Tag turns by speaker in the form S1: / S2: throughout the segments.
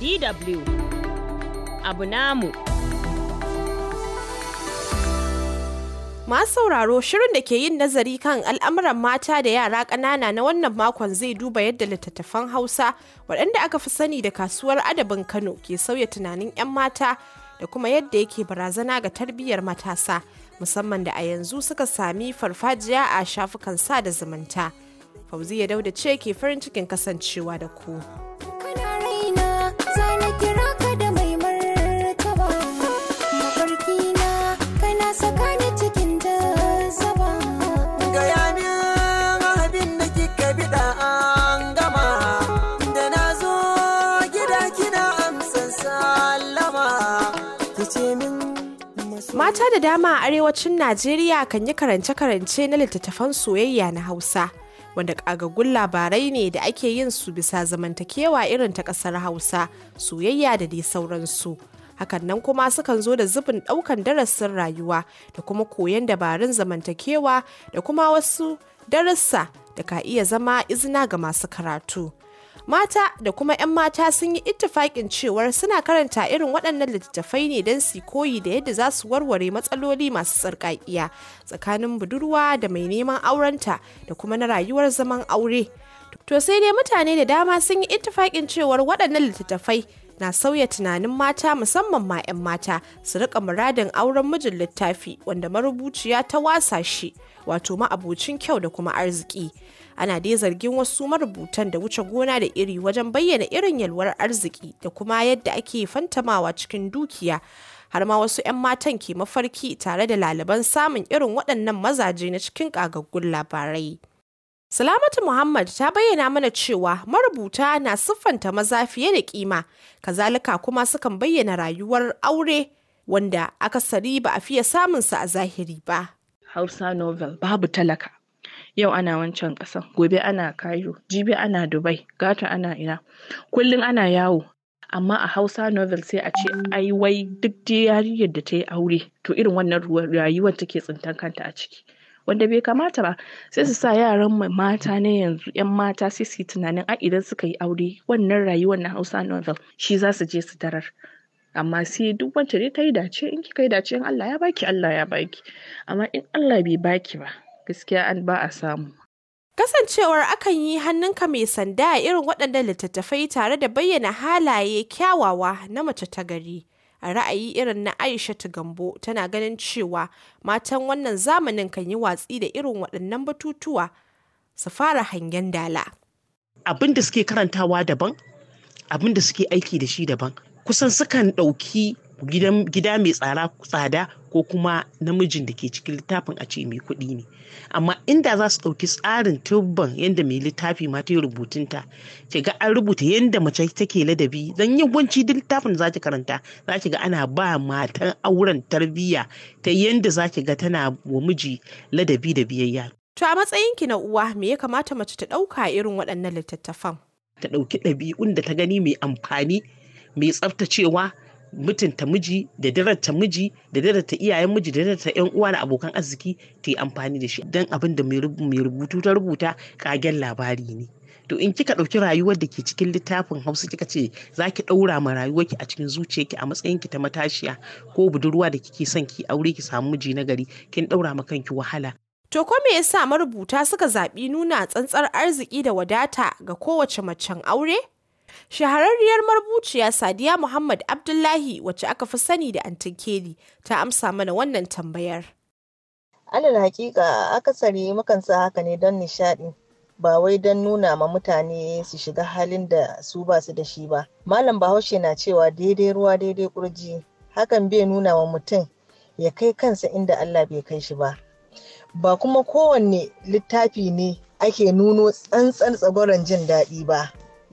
S1: DW abu namu. Masu sauraro shirin da ke yin nazari kan al'amuran mata da yara ƙanana na wannan makon zai duba yadda littattafan Hausa waɗanda aka fi sani da kasuwar adabin Kano ke sauya tunanin 'yan mata da kuma yadda yake barazana ga tarbiyyar matasa musamman da a yanzu suka sami farfajiya a shafukan sada zumunta. -fauzi ya Dauda ce ke farin cikin kasancewa da ku. Mata da dama a arewacin Najeriya kan yi karance-karance na littattafan soyayya na Hausa, wanda ƙagaggun labarai ne da ake yin su bisa zamantakewa irin ta ƙasar Hausa, soyayya da dai sauransu. Hakan nan kuma sukan zo da zubin ɗaukan darasin rayuwa da kuma koyon dabarun zamantakewa da kuma wasu darussa da ka iya zama izina ga masu karatu. mata da kuma 'yan mata sun yi ittifaƙin cewar suna karanta irin waɗannan littattafai ne don su koyi da yadda za su warware matsaloli masu tsarkakiya tsakanin budurwa da mai neman aurenta da kuma na rayuwar zaman aure to sai dai mutane da dama sun yi ittifaƙin cewar waɗannan littattafai na sauya tunanin mata musamman ma 'yan mata su rika muradin auren mijin littafi wanda marubuciya ta wasa shi wato ma'abucin kyau da kuma arziki ana dai zargin wasu marubutan da wuce gona da iri wajen bayyana irin yalwar arziki da kuma yadda ake fantamawa cikin dukiya har ma wasu 'yan matan ke mafarki tare da laliban samun irin waɗannan mazaje na cikin ƙagaggun labarai. Salamatu Muhammad ta bayyana mana cewa marubuta na siffanta maza fiye da kima, kazalika kuma sukan bayyana rayuwar aure wanda akasari ba a fiye samunsa a zahiri ba. Hausa novel babu talaka. yau ana wancan ƙasan gobe ana Cairo jibi ana Dubai gata ana ina kullum ana yawo amma a Hausa novel sai a ce ai wai duk dai yarinyar da ta yi aure to irin wannan rayuwar take tsintan kanta a ciki wanda bai kamata ba sai su sa yaran mata na yanzu yan mata sai su yi tunanin a idan suka yi aure wannan rayuwar na Hausa novel shi za su je su tarar amma sai duk wacce dai ta yi dace in kika yi dace in Allah ya baki Allah ya baki amma in Allah bai baki ba gaskiya an ba a samu Kasancewar akan yi hannunka mai sanda a irin waɗannan littattafai tare da bayyana halaye kyawawa na mace ta gari. A ra'ayi irin na Aisha Gambo tana ganin cewa matan wannan zamanin kan yi watsi da irin waɗannan batutuwa su fara hangen dala. Abin
S2: da suke karantawa daban, abin da suke aiki da shi daban. Kusan sukan ɗauki gida mai tsada ko kuma namijin da ke cikin littafin a ce mai kuɗi ne amma inda za su ɗauki tsarin tubban yadda mai littafi ma ta yi rubutunta ki ga an rubuta yadda mace take ladabi Zan yi yawanci da littafin za ki karanta za ki ga ana ba matan auren tarbiyya ta yadda za ki ga tana wa miji
S3: ladabi da biyayya.
S1: To a matsayinki na uwa me ya kamata mace ta ɗauka irin waɗannan littattafan? Ta ɗauki ɗabi'un da ta gani mai amfani mai tsaftacewa mutunta
S2: miji da darata miji da darata iyayen miji da darata yan uwa da abokan arziki ta yi amfani da shi don abin da mai rubutu ta rubuta kagen labari ne to in kika ɗauki rayuwar da ke cikin littafin hausa kika ce za ki ɗaura ma rayuwarki a cikin zuciyarki a matsayinki ta matashiya ko budurwa da kike son ki aure ki samu miji na gari kin ɗaura ma kanki wahala
S1: To ko me yasa marubuta suka zaɓi nuna tsantsar arziki da wadata ga kowace macen aure? Shahararriyar marubuciya Sadiya Muhammad Abdullahi wacce aka fi sani da Antin ta amsa mana wannan tambayar. Alal
S3: hakika akasari mukan sa haka ne don nishaɗi. Ba wai don nuna ma mutane su shiga halin da su ba su da shi ba. Malam Bahaushe na cewa daidai ruwa daidai ƙurji, Hakan bai nuna wa mutum ya kai kansa inda Allah bai kai shi ba. Ba kuma kowanne littafi ne ake nuno tsantsan tsagoron jin daɗi ba.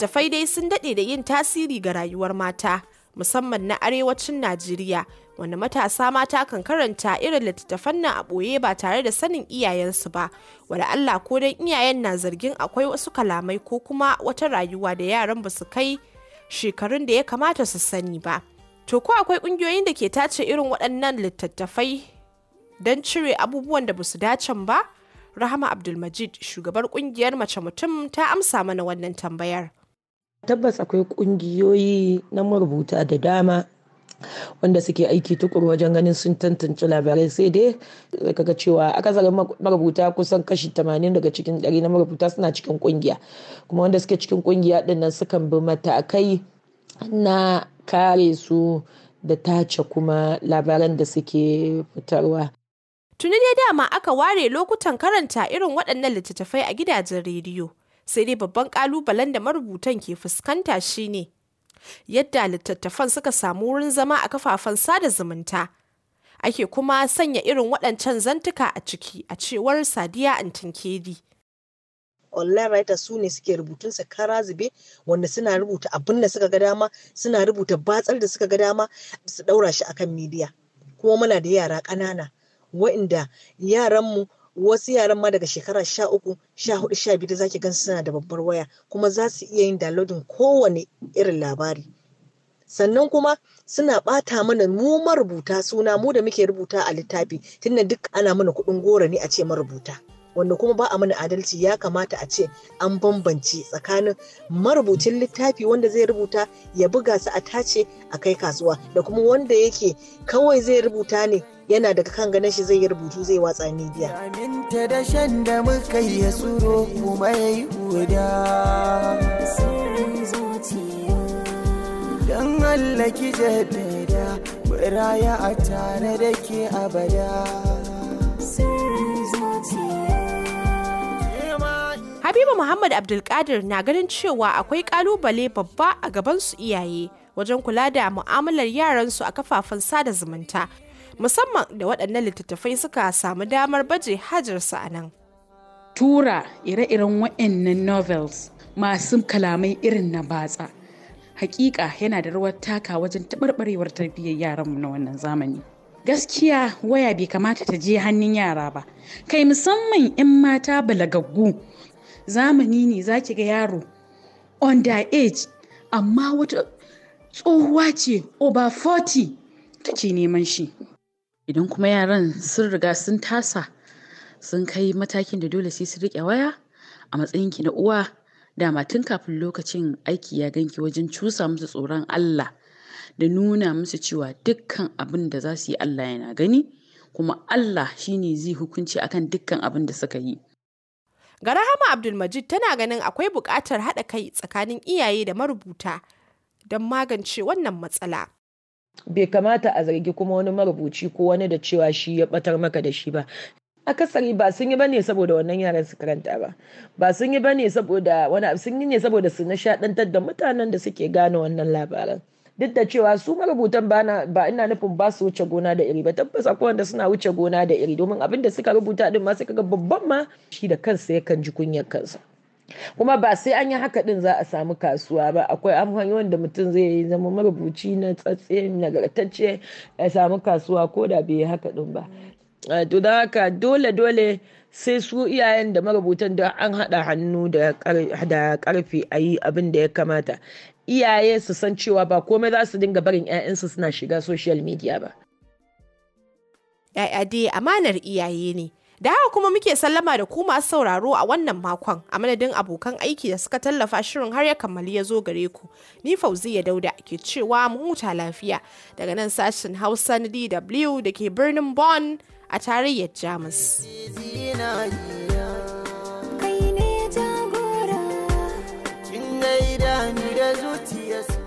S1: littattafai dai sun daɗe da yin tasiri ga rayuwar mata musamman na arewacin najeriya wanda matasa mata kan karanta irin littattafan nan a ɓoye ba tare da sanin iyayensu ba wada allah ko dan iyayen na zargin akwai wasu kalamai ko kuma wata rayuwa da yaran ba su kai shekarun da ya kamata su sani ba to ko akwai ƙungiyoyin da ke tace irin waɗannan littattafai don cire abubuwan da ba su dacen ba rahama abdulmajid shugabar ƙungiyar mace mutum ta amsa mana wannan tambayar Tabbas
S2: akwai ƙungiyoyi na marubuta da dama wanda suke aiki tukuru wajen ganin sun tantance labarai sai dai kaga cewa aka akasarin marubuta kusan kashi 80 daga cikin 100 na marubuta suna cikin kungiya kuma wanda suke cikin ƙungiya dinnan sukan bi matakai na kare su da tace kuma labaran da suke fitarwa.
S1: Tuni dai dama aka ware lokutan karanta irin waɗannan littattafai a gidajen rediyo. sai dai babban kalubalen da marubutan ke fuskanta shine yadda littattafan suka samu wurin zama a kafafen sada zumunta ake kuma sanya irin waɗancan zantuka a ciki a cewar sadiya antinkedi
S3: online writer su ne suke rubutun su kara zube wanda suna rubuta abin da suka ga dama suna rubuta batsar da suka ga dama su daura shi akan midiya kuma muna da yara ƙanana wa'inda mu. wasu yaran ma daga shekara sha uku sha hudu sha biyu zaki gan suna da babbar waya kuma za su iya yin dalodin kowane irin labari sannan kuma suna ɓata mana mu marubuta suna mu da muke rubuta a littafi tunda duk ana mana kuɗin goro ne a ce marubuta wanda kuma ba a mana adalci ya kamata a ce an bambance tsakanin marubucin littafi wanda zai rubuta ya buga su a tace a kai kasuwa da kuma wanda yake kawai zai rubuta ne yana daga kan ganin shi zai yi rubutu zai watsa ni
S2: aminta da shan da muka yi
S1: Habiba Muhammad Abdulkadir na ganin cewa akwai kalubale babba a gaban su iyaye wajen kula da mu'amalar yaransu a kafafen sada zumunta musamman da waɗannan littattafai suka samu damar baje hajarsu a nan.
S2: Tura ire-iren waɗannan novels masu kalamai irin na batsa. Hakika yana da rawar taka wajen taɓarɓarewar tarbiyyar yaranmu na wannan zamani. Gaskiya waya bai kamata ta je hannun yara ba, kai musamman 'yan mata balagaggu zamani ne za ki ga yaro under age amma wata tsohuwa ce over 40 take neman shi Idan kuma yaran sun riga sun tasa sun kai matakin da dole sai su riƙe waya a matsayin ki na uwa dama tun kafin lokacin aiki ya ganki wajen cusa musu tsoron Allah da nuna musu cewa dukkan abin da za su yi
S1: Allah yana gani kuma Allah shine zai hukunci akan dukkan abin da suka yi. Ga Rahama Abdulmajid tana ganin akwai buƙatar haɗa kai tsakanin iyaye da marubuta don magance wannan matsala.
S2: bai kamata a zargi kuma wani marubuci ko wani da cewa shi ya batar maka da shi ba akasari ba sun yi bane saboda wannan yaran su karanta ba ba sun yi bane saboda wani abu sun yi ne saboda su nishadantar da mutanen da suke gane wannan labaran duk da cewa su marubutan ba ina nufin ba su wuce gona da iri ba tabbas akwai wanda suna wuce gona da iri domin abin da suka rubuta din ma suka ga babban ma shi da kansa yakan ji kunyar kansa kuma ba sai an yi haka din za a samu kasuwa ba akwai amfani wanda mutum zai yi zama marubuci na tsatse nagartacce ya samu kasuwa ko da bai haka din ba to don haka dole dole sai su iyayen da marubutan da an hada hannu da karfe a yi abin da ya kamata iyaye su san cewa ba komai za su dinga barin 'ya'yansu suna shiga social media ba.
S1: Ya'ya dai amanar iyaye ne Da haka kuma muke sallama da ku masu sauraro a wannan makon a madadin abokan aiki da suka tallafa shirin har ya kammali ya zo gare ku. Ni Fauziya Dauda ke cewa mu huta lafiya daga nan sashen Hausa na DW da ke birnin Bonn a tarayyar Jamus.
S2: Kai